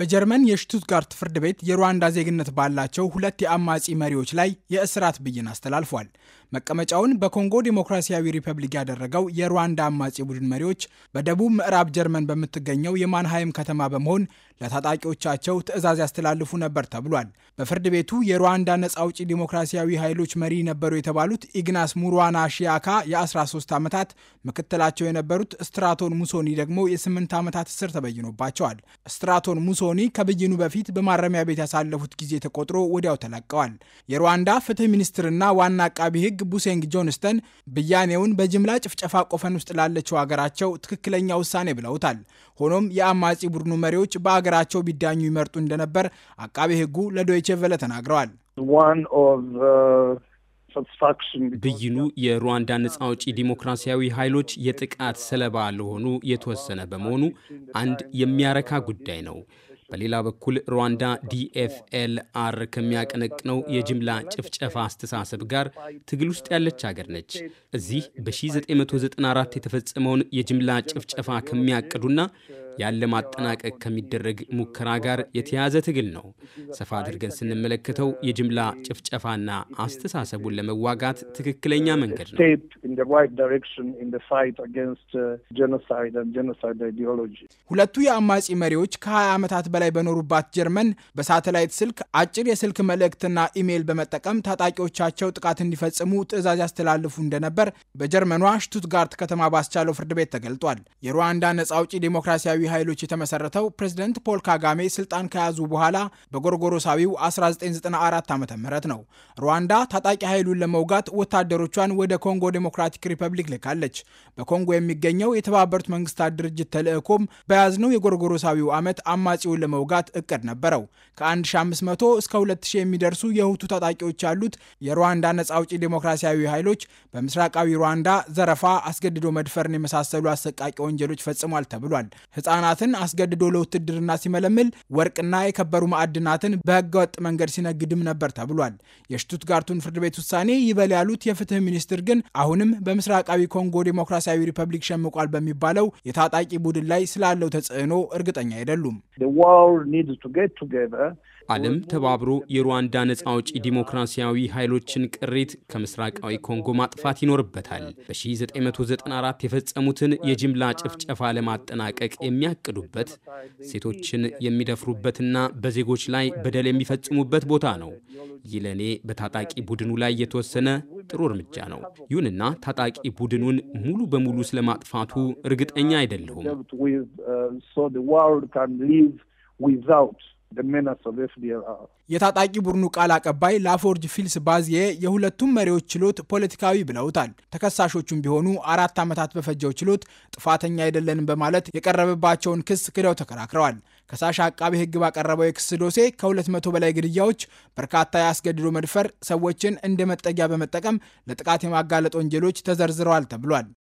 በጀርመን የሽቱትጋርት ፍርድ ቤት የሩዋንዳ ዜግነት ባላቸው ሁለት የአማጺ መሪዎች ላይ የእስራት ብይን አስተላልፏል። መቀመጫውን በኮንጎ ዴሞክራሲያዊ ሪፐብሊክ ያደረገው የሩዋንዳ አማጺ ቡድን መሪዎች በደቡብ ምዕራብ ጀርመን በምትገኘው የማንሃይም ከተማ በመሆን ለታጣቂዎቻቸው ትዕዛዝ ያስተላልፉ ነበር ተብሏል። በፍርድ ቤቱ የሩዋንዳ ነጻ አውጪ ዲሞክራሲያዊ ኃይሎች መሪ ነበሩ የተባሉት ኢግናስ ሙሩዋና ሺያካ የ13 ዓመታት፣ ምክትላቸው የነበሩት ስትራቶን ሙሶኒ ደግሞ የ8 ዓመታት እስር ተበይኖባቸዋል። ስትራቶን ሙሶ ሙሶኒ ከብይኑ በፊት በማረሚያ ቤት ያሳለፉት ጊዜ ተቆጥሮ ወዲያው ተለቀዋል። የሩዋንዳ ፍትህ ሚኒስትርና ዋና አቃቢ ሕግ ቡሴንግ ጆንስተን ብያኔውን በጅምላ ጭፍጨፋ ቆፈን ውስጥ ላለችው አገራቸው ትክክለኛ ውሳኔ ብለውታል። ሆኖም የአማጺ ቡድኑ መሪዎች በአገራቸው ቢዳኙ ይመርጡ እንደነበር አቃቢ ሕጉ ለዶይቼ ቨለ ተናግረዋል። uh, ብይኑ የሩዋንዳ ነጻ አውጪ ዲሞክራሲያዊ ኃይሎች የጥቃት ሰለባ ለሆኑ የተወሰነ በመሆኑ አንድ የሚያረካ ጉዳይ ነው። በሌላ በኩል ሩዋንዳ ዲኤፍኤልአር ከሚያቀነቅነው የጅምላ ጭፍጨፋ አስተሳሰብ ጋር ትግል ውስጥ ያለች ሀገር ነች። እዚህ በ1994 የተፈጸመውን የጅምላ ጭፍጨፋ ከሚያቅዱና ያለ ማጠናቀቅ ከሚደረግ ሙከራ ጋር የተያዘ ትግል ነው። ሰፋ አድርገን ስንመለከተው የጅምላ ጭፍጨፋና አስተሳሰቡን ለመዋጋት ትክክለኛ መንገድ ነው። uh, ሁለቱ የአማጺ መሪዎች ከ20 ዓመታት በላይ በኖሩባት ጀርመን በሳተላይት ስልክ አጭር የስልክ መልእክትና ኢሜይል በመጠቀም ታጣቂዎቻቸው ጥቃት እንዲፈጽሙ ትዕዛዝ ያስተላልፉ እንደነበር በጀርመኗ ሽቱትጋርት ከተማ ባስቻለው ፍርድ ቤት ተገልጧል። የሩዋንዳ ነጻ አውጪ ዴሞክራሲያዊ ኃይሎች የተመሰረተው ፕሬዝደንት ፖል ካጋሜ ስልጣን ከያዙ በኋላ በጎርጎሮሳዊው 1994 ዓ ም ነው። ሩዋንዳ ታጣቂ ኃይሉን ለመውጋት ወታደሮቿን ወደ ኮንጎ ዴሞክራቲክ ሪፐብሊክ ልካለች። በኮንጎ የሚገኘው የተባበሩት መንግስታት ድርጅት ተልእኮም በያዝነው የጎርጎሮሳዊው ዓመት አማጺውን ለመውጋት እቅድ ነበረው። ከ1500 እስከ 2000 የሚደርሱ የሁቱ ታጣቂዎች ያሉት የሩዋንዳ ነጻ አውጪ ዴሞክራሲያዊ ኃይሎች በምስራቃዊ ሩዋንዳ ዘረፋ፣ አስገድዶ መድፈርን የመሳሰሉ አሰቃቂ ወንጀሎች ፈጽሟል ተብሏል። ህጻናትን አስገድዶ ለውትድርና ሲመለምል ወርቅና የከበሩ ማዕድናትን በህገወጥ መንገድ ሲነግድም ነበር ተብሏል። የሽቱትጋርቱን ፍርድ ቤት ውሳኔ ይበል ያሉት የፍትህ ሚኒስትር ግን አሁንም በምስራቃዊ ኮንጎ ዴሞክራሲያዊ ሪፐብሊክ ሸምቋል በሚባለው የታጣቂ ቡድን ላይ ስላለው ተጽዕኖ እርግጠኛ አይደሉም። ዓለም ተባብሮ የሩዋንዳ ነፃ አውጪ ዲሞክራሲያዊ ኃይሎችን ቅሪት ከምስራቃዊ ኮንጎ ማጥፋት ይኖርበታል። በ1994 የፈጸሙትን የጅምላ ጭፍጨፋ ለማጠናቀቅ የሚያቅዱበት ሴቶችን የሚደፍሩበትና በዜጎች ላይ በደል የሚፈጽሙበት ቦታ ነው። ይህ ለእኔ በታጣቂ ቡድኑ ላይ የተወሰነ ጥሩ እርምጃ ነው። ይሁንና ታጣቂ ቡድኑን ሙሉ በሙሉ ስለማጥፋቱ እርግጠኛ አይደለሁም። Uh, የታጣቂ ቡድኑ ቃል አቀባይ ላፎርጅ ፊልስ ባዚዬ የሁለቱም መሪዎች ችሎት ፖለቲካዊ ብለውታል። ተከሳሾቹም ቢሆኑ አራት ዓመታት በፈጀው ችሎት ጥፋተኛ አይደለንም በማለት የቀረበባቸውን ክስ ክደው ተከራክረዋል። ከሳሽ አቃቤ ሕግ ባቀረበው የክስ ዶሴ ከ200 በላይ ግድያዎች፣ በርካታ የአስገድዶ መድፈር፣ ሰዎችን እንደ መጠጊያ በመጠቀም ለጥቃት የማጋለጥ ወንጀሎች ተዘርዝረዋል ተብሏል።